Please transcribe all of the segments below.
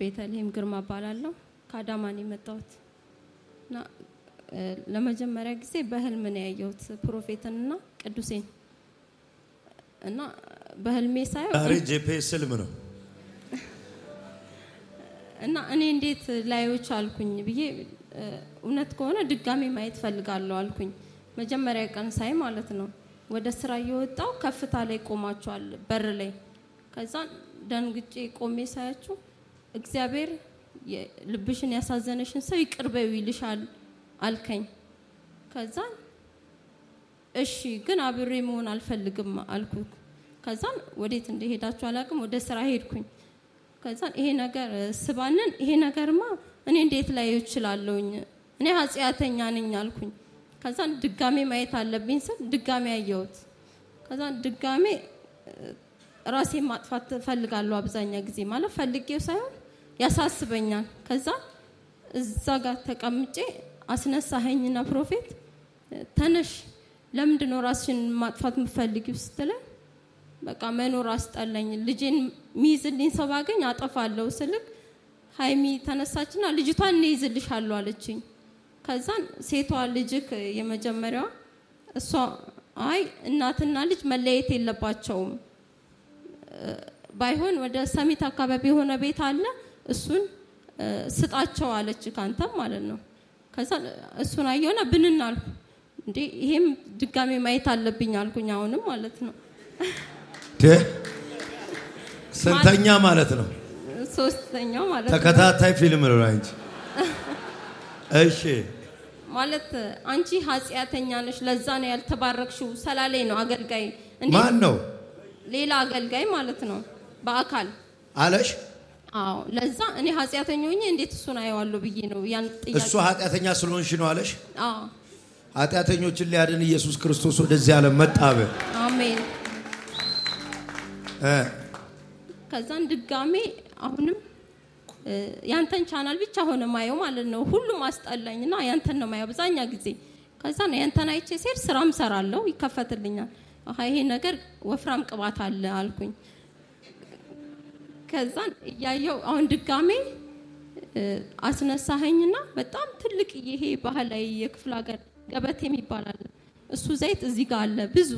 ቤተልሔም ግርማ እባላለሁ። ከአዳማን የመጣሁት እና ለመጀመሪያ ጊዜ በህልም ነው ያየሁት ፕሮፌትንና ቅዱሴን እና በህልሜ ሳየው ዛሬ ጄፒኤስ ህልም ነው እና እኔ እንዴት ላዮች አልኩኝ ብዬ እውነት ከሆነ ድጋሜ ማየት ፈልጋለሁ አልኩኝ። መጀመሪያ ቀን ሳይ ማለት ነው ወደ ስራ እየወጣው ከፍታ ላይ ቆማቸዋል በር ላይ። ከዛ ደንግጬ ቆሜ ሳያችሁ እግዚአብሔር ልብሽን ያሳዘነሽን ሰው ይቅርበው ይልሻል አልከኝ። ከዛ እሺ ግን አብሬ መሆን አልፈልግም አልኩ ከዛን ወዴት እንደሄዳችሁ አላቅም ወደ ስራ ሄድኩኝ። ከዛን ይሄ ነገር ስባንን ይሄ ነገርማ እኔ እንዴት ላይ ይችላልውኝ እኔ ኃጢአተኛ ነኝ አልኩኝ። ከዛን ድጋሜ ማየት አለብኝ ስል ድጋሜ አየሁት። ከዛን ድጋሜ ራሴን ማጥፋት ፈልጋለሁ አብዛኛ ጊዜ ማለት ፈልጌው ሳይሆን ያሳስበኛል። ከዛ እዛ ጋር ተቀምጬ አስነሳኸኝና ፕሮፌት ተነሽ፣ ለምንድን ነው ራስሽን ማጥፋት የምፈልጊው ስትለኝ በቃ መኖር አስጠላኝ፣ ልጄን ሚይዝልኝ ሰው ባገኝ አጠፋለሁ ስልክ ሀይሚ ተነሳችና ልጅቷን እኔ ይዝልሻለሁ አለችኝ። ከዛን ሴቷ ልጅክ የመጀመሪያዋ እሷ አይ እናትና ልጅ መለየት የለባቸውም ባይሆን ወደ ሰሚት አካባቢ የሆነ ቤት አለ እሱን ስጣቸው አለች ካንተም ማለት ነው። ከዛ እሱን አየውና ብንን አልኩ። እንዴ ይሄም ድጋሜ ማየት አለብኝ አልኩኝ። አሁንም ማለት ነው ስንተኛ ማለት ነው? ሶስተኛ ማለት ተከታታይ ፊልም ነው እንጂ እሺ ማለት አንቺ ኃጢአተኛ ነሽ፣ ለዛ ነው ያልተባረክሽው ሰላሌ ነው አገልጋይ። ማን ነው? ሌላ አገልጋይ ማለት ነው በአካል አለሽ አዎ ለዛ እኔ ኃጢአተኛ ሆኜ እንዴት እሱን አየዋለሁ ብዬ ነው ያን ጥያቄ። እሱ ኃጢአተኛ ስለሆንሽ ነው አለሽ። ኃጢአተኞችን ሊያድን ኢየሱስ ክርስቶስ ወደዚህ ዓለም መጣ። አሜን። ከዛን ድጋሜ አሁንም ያንተን ቻናል ብቻ ሆነ ማየው ማለት ነው። ሁሉም አስጠላኝና ያንተን ነው ማየው አብዛኛ ጊዜ። ከዛን ያንተን አይቼ ሴር ስራም ሰራለሁ፣ ይከፈትልኛል። ይሄ ነገር ወፍራም ቅባት አለ አልኩኝ። ከዛን እያየው አሁን ድጋሜ አስነሳኸኝና በጣም ትልቅ ይሄ ባህላዊ የክፍለ ሀገር ገበቴ የሚባል አለ። እሱ ዘይት እዚህ ጋር አለ ብዙ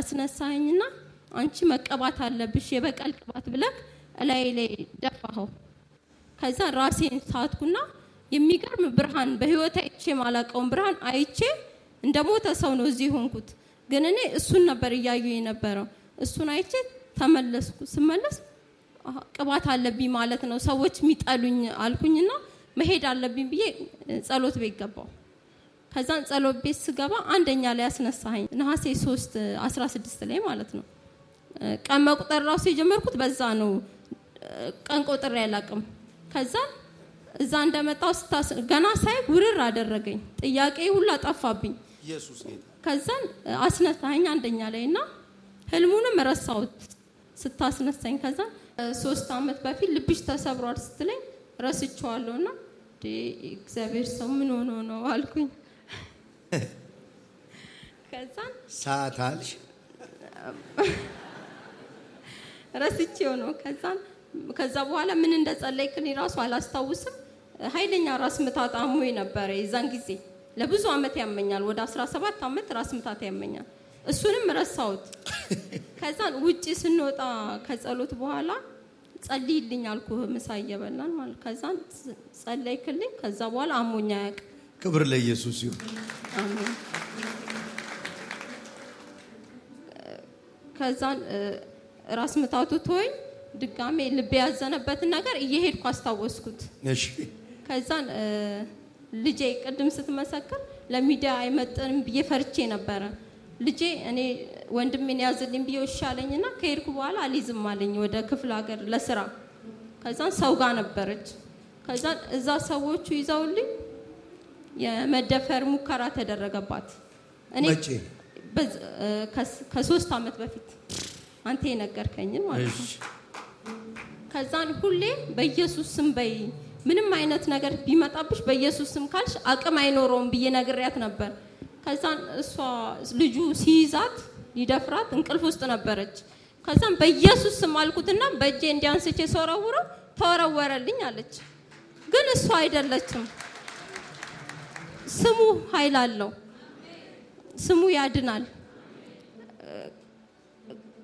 አስነሳኸኝና አንቺ መቀባት አለብሽ የበቀል ቅባት ብለህ እላይ ላይ ደፋኸው። ከዛ ራሴን ሳትኩና የሚገርም ብርሃን በህይወት አይቼ ማላቀውን ብርሃን አይቼ እንደ ሞተ ሰው ነው እዚህ ሆንኩት። ግን እኔ እሱን ነበር እያዩ የነበረው። እሱን አይቼ ተመለስኩ። ስመለስ ቅባት አለብኝ ማለት ነው ሰዎች የሚጠሉኝ አልኩኝና መሄድ አለብኝ ብዬ ጸሎት ቤት ገባው። ከዛን ጸሎት ቤት ስገባ አንደኛ ላይ ያስነሳኝ ነሐሴ 3 16 ላይ ማለት ነው። ቀን መቁጠር ራሱ የጀመርኩት በዛ ነው። ቀን ቆጥሬ አላቅም። ከዛ እዛ እንደመጣው ገና ሳይ ውርር አደረገኝ። ጥያቄ ሁላ አጠፋብኝ ከዛን አስነሳኝ አንደኛ ላይ እና ህልሙንም ረሳሁት ስታስነሳኝ። ከዛን ሶስት አመት በፊት ልብሽ ተሰብሯል ስትለኝ ረስቸዋለሁ እና እግዚአብሔር ሰው ምን ሆኖ ነው አልኩኝ። ከዛን ሰዓት አልሽ ረስቼው ነው። ከዛን ከዛ በኋላ ምን እንደጸለይክ እኔ ራሱ አላስታውስም። ኃይለኛ ራስ ምታት አሞኝ ነበረ የዛን ጊዜ ለብዙ አመት ያመኛል። ወደ 17 አመት ራስ ምታት ያመኛል። እሱንም ረሳሁት። ከዛን ውጪ ስንወጣ ከጸሎት በኋላ ጸልይልኝ አልኩ፣ ምሳ እየበላን ማለት ከዛን ጸለይክልኝ። ከዛ በኋላ አሞኛ ያውቅ። ክብር ለኢየሱስ ይሁን። አሜን። ከዛን ራስ ምታቱ ቶኝ ድጋሜ ልብ ያዘነበትን ነገር እየሄድኩ አስታወስኩት። እሺ ከዛን ልጄ ቅድም ስትመሰክር ለሚዲያ አይመጥንም ብዬ ፈርቼ ነበረ። ልጄ እኔ ወንድሜን ያዝልኝ ብዬ እና ከሄድኩ በኋላ አልይዝም አለኝ ወደ ክፍለ ሀገር ለስራ። ከዛን ሰው ጋር ነበረች። ከዛን እዛ ሰዎቹ ይዘውልኝ የመደፈር ሙከራ ተደረገባት። እኔ ከሶስት አመት በፊት አንተ የነገርከኝን ማለት ነው። ከዛን ሁሌ በኢየሱስ ስም በይ ምንም አይነት ነገር ቢመጣብሽ በኢየሱስ ስም ካልሽ አቅም አይኖረውም ብዬ ነግሬያት ነበር። ከዛን እሷ ልጁ ሲይዛት ሊደፍራት እንቅልፍ ውስጥ ነበረች። ከዛም በኢየሱስ ስም አልኩትና በእጄ እንዲያንስቼ ሰወረውረው ተወረወረልኝ አለች። ግን እሷ አይደለችም። ስሙ ኃይል አለው። ስሙ ያድናል።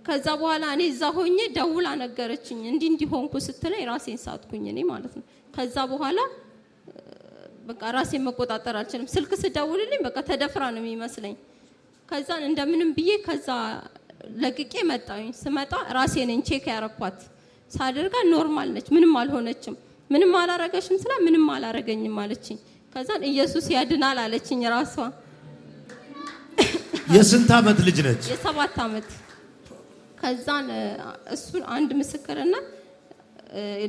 ከዛ በኋላ እኔ እዛ ሆኜ ደውላ ነገረችኝ። እንዲህ እንዲሆንኩ ስትለኝ ራሴን ሳትኩኝ እኔ ማለት ነው። ከዛ በኋላ በቃ ራሴ መቆጣጠር አልችልም። ስልክ ስደውልልኝ በቃ ተደፍራ ነው የሚመስለኝ። ከዛን እንደምንም ብዬ ከዛ ለቅቄ መጣኝ። ስመጣ ራሴ ነኝ ቼክ ያረኳት ሳደርጋ ኖርማል ነች፣ ምንም አልሆነችም። ምንም አላረገሽም ስላ ምንም አላረገኝም አለችኝ። ከዛን ኢየሱስ ያድናል አለችኝ ራሷ። የስንት ዓመት ልጅ ነች? የሰባት ዓመት ከዛን እሱን አንድ ምስክርና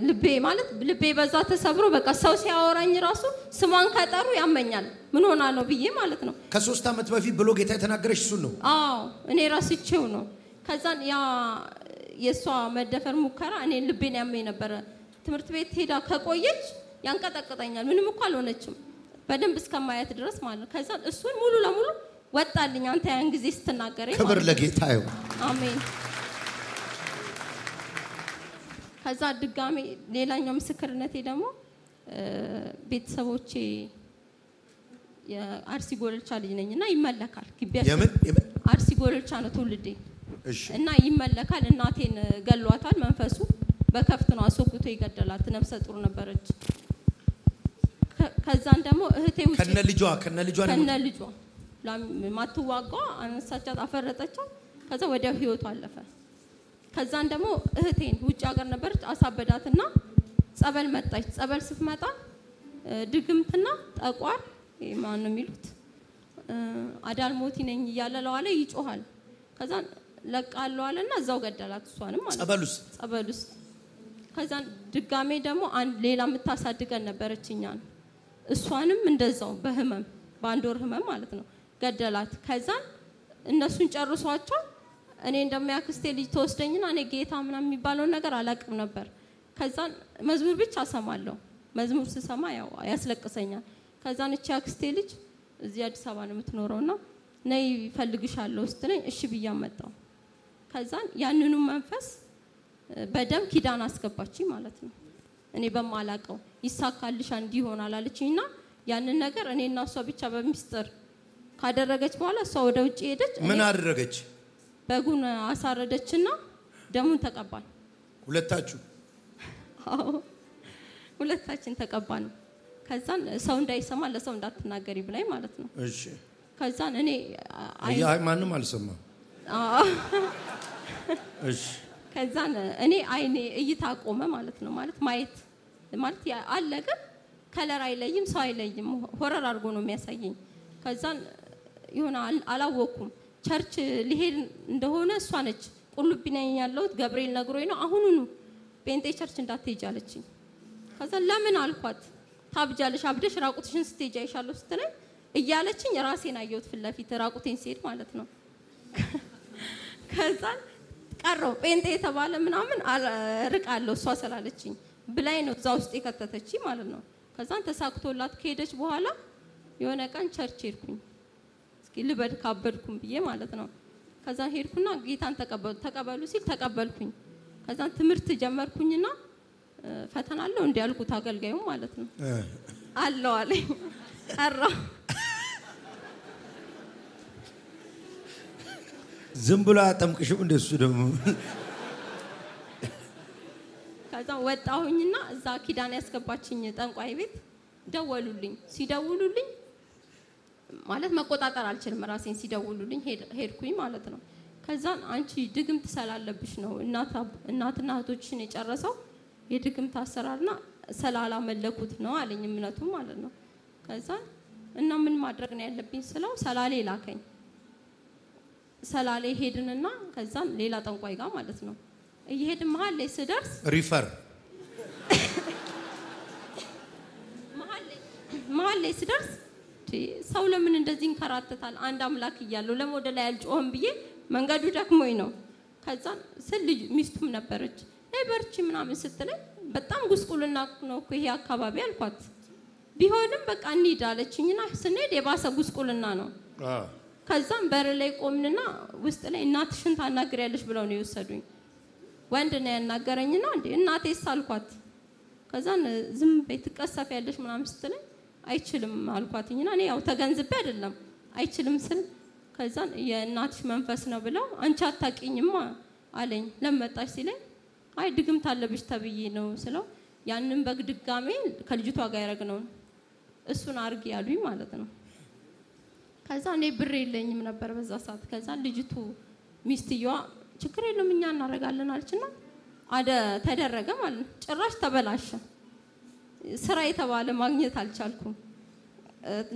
ልቤ ማለት ልቤ በዛ ተሰብሮ በቃ ሰው ሲያወራኝ ራሱ ስሟን ከጠሩ ያመኛል። ምን ሆና ነው ብዬ ማለት ነው። ከሶስት ዓመት በፊት ብሎ ጌታ የተናገረች እሱን ነው። አዎ እኔ ራስችው ነው። ከዛን ያ የእሷ መደፈር ሙከራ እኔ ልቤን ያመኝ ነበረ። ትምህርት ቤት ሄዳ ከቆየች ያንቀጠቅጠኛል። ምንም እኮ አልሆነችም በደንብ እስከማየት ድረስ ማለት ነው። ከዛን እሱን ሙሉ ለሙሉ ወጣልኝ። አንተ ያን ጊዜ ስትናገረኝ። ክብር ለጌታ ይሁን። አሜን። ከዛ ድጋሜ ሌላኛው ምስክርነቴ ደግሞ ቤተሰቦቼ የአርሲ ጎልቻ ልጅ ነኝ እና ይመለካል። አርሲ ጎልቻ ነው ትውልዴ እና ይመለካል። እናቴን ገሏታል። መንፈሱ በከፍት ነው አስወግቶ ይገደላት። ነፍሰ ጡር ነበረች። ከዛን ደግሞ እህቴ ውጭ ከነ ልጇ ከነ ልጇ ከነ ልጇ ማትዋጓ አነሳቻት፣ አፈረጠቻት። ከዛ ወዲያው ህይወቱ አለፈ። ከዛን ደግሞ እህቴን ውጭ ሀገር ነበረች አሳበዳትና ጸበል መጣች። ጸበል ስትመጣ ድግምትና ጠቋር ማን ነው የሚሉት ሞቲ ነኝ እያለ ለዋለ ይጮሃል። ከዛን ለቃለዋለ አለና እዛው ገደላት እሷንም ማለት ጸበል ውስጥ። ከዛን ድጋሜ ደግሞ ሌላ የምታሳድገን ነበረች እኛን እሷንም እንደዛው በህመም በአንድ ወር ህመም ማለት ነው ገደላት። ከዛን እነሱን ጨርሷቸው እኔ እንደሚያክስቴ ልጅ ተወስደኝና እኔ ጌታ ምናምን የሚባለውን ነገር አላቅም ነበር። ከዛን መዝሙር ብቻ ሰማለሁ። መዝሙር ስሰማ ያው ያስለቅሰኛል። ከዛን እቺ አክስቴ ልጅ እዚህ አዲስ አበባ ነው የምትኖረው ና ነይ እፈልግሻለሁ ስትለኝ እሺ ብዬ አመጣው ከዛን ያንኑ መንፈስ በደም ኪዳን አስገባችኝ ማለት ነው። እኔ በማላቀው ይሳካልሻ እንዲህ ይሆናል አለችኝና ያንን ነገር እኔና እሷ ብቻ በሚስጥር ካደረገች በኋላ እሷ ወደ ውጭ ሄደች። ምን አደረገች? በጉን አሳረደችና ደሙን ተቀባን። ሁለታችሁ? አዎ ሁለታችን ተቀባን። ከዛን ሰው እንዳይሰማ ለሰው እንዳትናገሪ ብላኝ ማለት ነው። እሺ። ከዛን እኔ አይ ማንም አልሰማም። እሺ። ከዛን እኔ አይኔ እይታ ቆመ ማለት ነው። ማለት ማየት ማለት አለ ከለር አይለይም፣ ሰው አይለይም። ሆረር አድርጎ ነው የሚያሳየኝ። ከዛን የሆነ አላወኩም። ቸርች ሊሄድ እንደሆነ እሷ ነች ቁልቢ ነኝ ያለሁት ገብርኤል ነግሮኝ ነው አሁኑኑ ጴንጤ ቸርች እንዳትሄጅ አለችኝ። ከዛ ለምን አልኳት። ታብጃለሽ አብደሽ ራቁትሽን ስትሄጂ አይሻለሁ ስትለኝ እያለችኝ ራሴን አየሁት ፊት ለፊት ራቁቴን ሲሄድ ማለት ነው። ከዛ ቀረው ጴንጤ የተባለ ምናምን ርቃለሁ እሷ ስላለችኝ ብላይ ነው እዛ ውስጥ የከተተች ማለት ነው። ከዛን ተሳክቶላት ከሄደች በኋላ የሆነ ቀን ቸርች ሄድኩኝ። ልበድ ካበድኩም ብዬ ማለት ነው። ከዛ ሄድኩና ጌታን ተቀበሉ ተቀበሉ ሲል ተቀበልኩኝ። ከዛ ትምህርት ጀመርኩኝና ፈተና አለው እንዲያልኩት አገልጋዩ ማለት ነው አለው አለ ቀራ ዝም ብሎ አጠምቅሽም እንደሱ ደግሞ ከዛ ወጣሁኝና እዛ ኪዳን ያስገባችኝ ጠንቋይ ቤት ደወሉልኝ። ሲደውሉልኝ ማለት መቆጣጠር አልችልም። ራሴን ሲደውሉልኝ ሄድኩኝ ማለት ነው። ከዛን አንቺ ድግምት ስላለብሽ ነው እናትና እህቶችን የጨረሰው የድግምት አሰራርና መለኩት ነው አለኝ እምነቱ ማለት ነው። ከዛን እና ምን ማድረግ ነው ያለብኝ ስለው ሰላሌ ላከኝ። ሰላሌ ሄድንና ከዛን ሌላ ጠንቋይ ጋር ማለት ነው እየሄድን መሀል ላይ ስደርስ ሪፈር መሀል ላይ ስደርስ ወገኖቼ ሰው ለምን እንደዚህ እንከራተታል? አንድ አምላክ እያለሁ ለምን ወደ ላይ አልጮህም ብዬ መንገዱ ደክሞኝ ነው። ከዛ ስል ልጅ ሚስቱም ነበረች ነይ በርቺ ምናምን ስትለኝ በጣም ጉስቁልና ነው እኮ ይሄ አካባቢ አልኳት። ቢሆንም በቃ እንሂድ አለችኝና ስንሄድ የባሰ ጉስቁልና ነው። ከዛም በር ላይ ቆምንና ውስጥ ላይ እናትሽን ታናግሪያለሽ ብለው ነው የወሰዱኝ። ወንድ ነው ያናገረኝና እንዴ እናቴስ አልኳት። ከዛን ዝም ቤት ትቀሰፊያለሽ ምናምን ስትለኝ አይችልም አልኳትኝና እኔ ያው ተገንዝቤ አይደለም አይችልም ስል ከዛን የእናትሽ መንፈስ ነው ብለው አንቺ አታቂኝማ አለኝ። ለመጣሽ ሲለኝ አይ ድግምት አለብሽ ተብዬ ነው ስለው ያንን በግ ድጋሜ ከልጅቷ ጋር ያረግ ነው እሱን አርግ ያሉኝ ማለት ነው። ከዛ እኔ ብር የለኝም ነበር በዛ ሰዓት። ከዛ ልጅቱ ሚስትየዋ ችግር የለም እኛ እናደርጋለን አለችና አደ ተደረገ ማለት ነው። ጭራሽ ተበላሸ። ስራ የተባለ ማግኘት አልቻልኩም።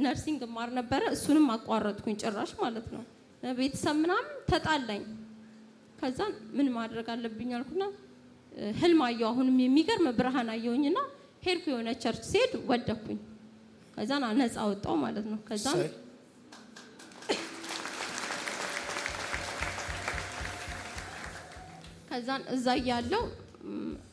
ነርሲንግ ማር ነበረ እሱንም አቋረጥኩኝ ጭራሽ ማለት ነው። ቤተሰብ ምናምን ተጣላኝ። ከዛን ምን ማድረግ አለብኝ አልኩና ህልም አየሁ። አሁንም የሚገርም ብርሃን አየሁኝና ሄድኩ። የሆነ ቸርች ሲሄድ ወደኩኝ። ከዛን ነፃ ወጣው ማለት ነው። ከዛ ከዛን እዛ እያለው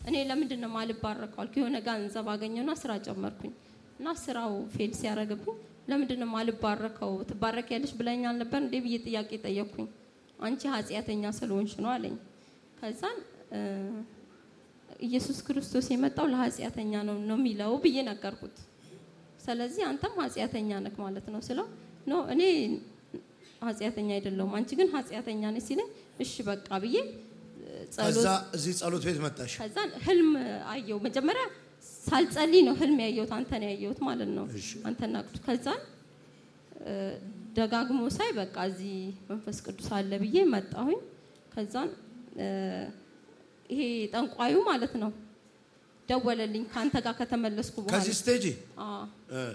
እኔ ለምንድን ነው ማልባረቀው አልኩ። የሆነ ገንዘብ አገኘውና ስራ ጨመርኩኝ እና ስራው ፌል ሲያደርግብኝ ለምንድን ነው ማልባረከው? ያለሽ ብለኛል ነበር እንዴ ብዬ ጥያቄ ጠየቅኩኝ። አንቺ ኃጢአተኛ ስለሆንሽ ነው አለኝ። ከዛን ኢየሱስ ክርስቶስ የመጣው ለኃጢአተኛ ነው ነው የሚለው ብዬ ነገርኩት። ስለዚህ አንተም ኃጢአተኛ ነክ ማለት ነው ስለው ኖ እኔ ኃጢአተኛ አይደለሁም አንቺ ግን ኃጢአተኛ ነች ሲለኝ እሺ በቃ ብዬ ከዛ እዚህ ጸሎት ቤት መጣሽ። ከዛ ህልም አየው። መጀመሪያ ሳልጸልይ ነው ህልም ያየሁት፣ አንተን ያየሁት ማለት ነው። አንተና ቅዱስ ከዛ ደጋግሞ ሳይ በቃ እዚህ መንፈስ ቅዱስ አለ ብዬ መጣሁኝ። ከዛን ይሄ ጠንቋዩ ማለት ነው ደወለልኝ ከአንተ ጋር ከተመለስኩ በኋላ ከዚህ ስቴጂ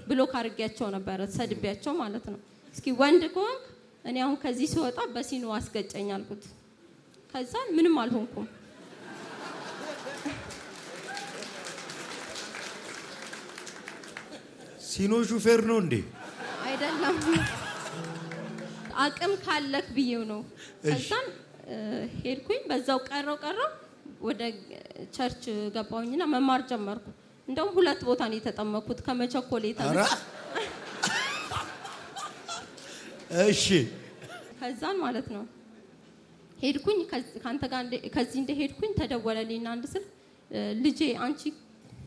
ብሎ ካርጌያቸው ነበረ ሰድቤያቸው ማለት ነው። እስኪ ወንድ ከሆንክ እኔ አሁን ከዚህ ሲወጣ በሲኖ አስገጨኝ አልኩት። ከዛ ምንም አልሆንኩም። ሲኖ ሹፌር ነው እንዴ? አይደለም፣ አቅም ካለክ ብዬው ነው። ከዛም ሄድኩኝ፣ በዛው ቀረው ቀረው ወደ ቸርች ገባውኝና መማር ጀመርኩ። እንደውም ሁለት ቦታ ነው የተጠመኩት ከመቸኮል የተነ እሺ ከዛን ማለት ነው ሄድኩኝ ከአንተ ጋር ከዚህ እንደሄድኩኝ ተደወለልኝና አንድ ስልክ ልጄ አንቺ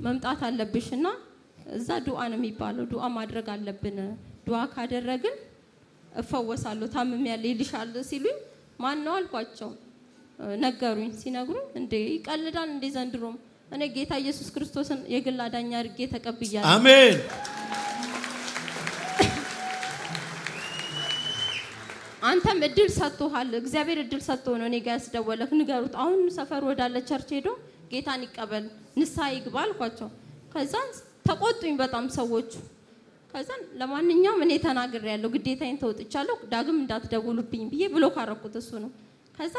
መምጣት አለብሽ እና እዛ ዱዓ ነው የሚባለው፣ ዱዓ ማድረግ አለብን። ዱዓ ካደረግን እፈወሳለሁ፣ ታምም ያለ ይልሻል ሲሉኝ ማን ነው አልኳቸው። ነገሩኝ። ሲነግሩ እንዴ ይቀልዳል እንዴ ዘንድሮም እኔ ጌታ ኢየሱስ ክርስቶስን የግል አዳኝ አድርጌ ተቀብያለሁ። አሜን። አንተም እድል ሰጥቶሃል። እግዚአብሔር እድል ሰጥቶ ነው እኔ ጋ ያስደወለክ። ንገሩት አሁን ሰፈር ወዳለ ቸርች ሄዶ ጌታን ይቀበል ንስሐ ይግባ አልኳቸው። ከዛ ተቆጡኝ በጣም ሰዎቹ። ከዛ ለማንኛውም እኔ ተናግሬ ያለው ግዴታዬን ተወጥቻለሁ፣ ዳግም እንዳትደውሉብኝ ብዬ ብሎ ካረኩት እሱ ነው። ከዛ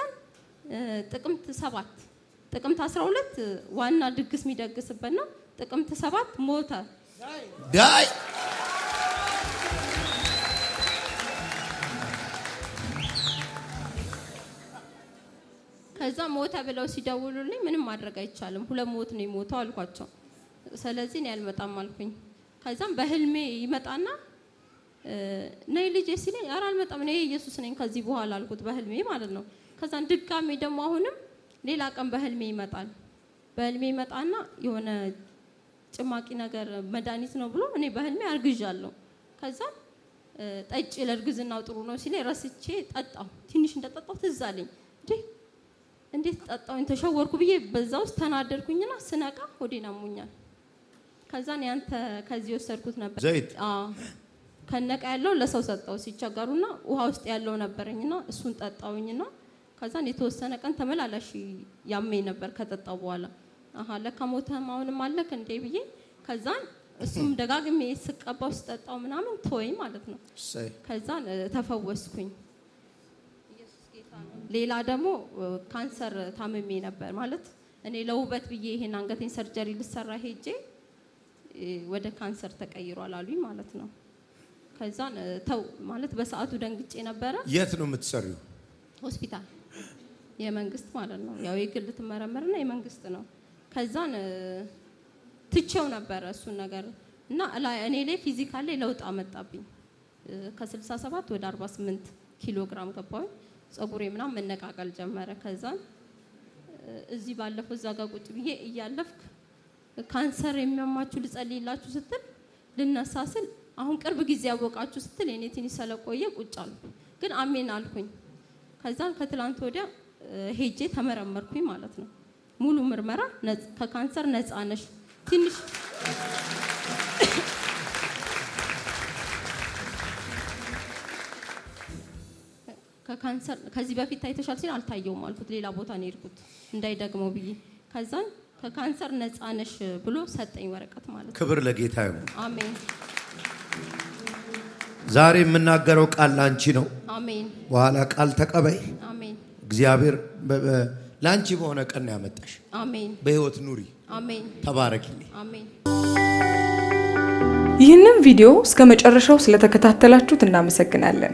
ጥቅምት ሰባት ጥቅምት 12 ዋና ድግስ የሚደግስበት ነው። ጥቅምት ሰባት ሞተ ዳይ ከዛ ሞተ ብለው ሲደውሉልኝ ምንም ማድረግ አይቻልም፣ ሁለት ሞት ነው የሞተው አልኳቸው። ስለዚህ እኔ አልመጣም አልኩኝ። ከዛም በህልሜ ይመጣና ነይ ልጄ ሲለኝ ኧረ አልመጣም እኔ ኢየሱስ ነኝ ከዚህ በኋላ አልኩት፣ በህልሜ ማለት ነው። ከዛን ድጋሜ ደግሞ አሁንም ሌላ ቀን በህልሜ ይመጣል። በህልሜ ይመጣና የሆነ ጭማቂ ነገር መድኃኒት ነው ብሎ እኔ በህልሜ አርግዣለሁ። ከዛ ጠጪ ለእርግዝናው ጥሩ ነው ሲለኝ ረስቼ ጠጣሁ። ትንሽ እንደጠጣሁ ትዝ አለኝ። እንዴት ጠጣውኝ ተሸወርኩ ብዬ በዛ ውስጥ ተናደርኩኝና ስነቃ ሆዴን አሞኛል። ከዛን ያንተ ከዚህ የወሰድኩት ነበር ዘይት ከነቃ ያለው ለሰው ሰጠው ሲቸገሩና ውሃ ውስጥ ያለው ነበረኝና እሱን ጠጣውኝና ከዛን የተወሰነ ቀን ተመላላሽ ያመኝ ነበር ከጠጣው በኋላ አሀ ለካ ሞተህም አሁንም አለክ እንዴ ብዬ ከዛን እሱም ደጋግሜ ስቀባው ስጠጣው ምናምን ተወኝ ማለት ነው። ከዛን ተፈወስኩኝ። ሌላ ደግሞ ካንሰር ታምሚ ነበር። ማለት እኔ ለውበት ብዬ ይሄን አንገቴን ሰርጀሪ ልሰራ ሄጄ ወደ ካንሰር ተቀይሯል አሉኝ ማለት ነው። ከዛን ተው ማለት በሰዓቱ ደንግጬ ነበረ። የት ነው የምትሰሪው? ሆስፒታል፣ የመንግስት ማለት ነው። ያው የግል ትመረመርና የመንግስት ነው። ከዛን ትቼው ነበረ እሱን ነገር እና እኔ ላይ ፊዚካል ላይ ለውጥ አመጣብኝ። ከ67 ወደ 48 ኪሎ ግራም ገባሁኝ። ጸጉሬ ምናምን መነቃቀል ጀመረ። ከዛን እዚህ ባለፈው እዛ ጋር ቁጭ ብዬ እያለፍክ ካንሰር የሚያማችሁ ልጸልይላችሁ ስትል ልነሳ ስል አሁን ቅርብ ጊዜ ያወቃችሁ ስትል የኔ ትንሽ ስለቆየ ቁጭ አልኩ። ግን አሜን አልኩኝ። ከዛን ከትላንት ወዲያ ሄጄ ተመረመርኩኝ ማለት ነው። ሙሉ ምርመራ ከካንሰር ነፃ ነሽ ትንሽ ከካንሰር ከዚህ በፊት ታይተሻል ሲል አልታየውም አልኩት። ሌላ ቦታ ነው የሄድኩት እንዳይደግመው ብዬ ከዛን ከካንሰር ነፃ ነሽ ብሎ ሰጠኝ ወረቀት ማለት ክብር ለጌታ ይሁን። አሜን። ዛሬ የምናገረው ቃል ላንቺ ነው። አሜን። በኋላ ቃል ተቀበይ። አሜን። እግዚአብሔር ላንቺ በሆነ ቀን ነው ያመጣሽ። አሜን። በህይወት ኑሪ። አሜን። ተባረክልኝ። አሜን። ይህንን ቪዲዮ እስከ መጨረሻው ስለተከታተላችሁት እናመሰግናለን።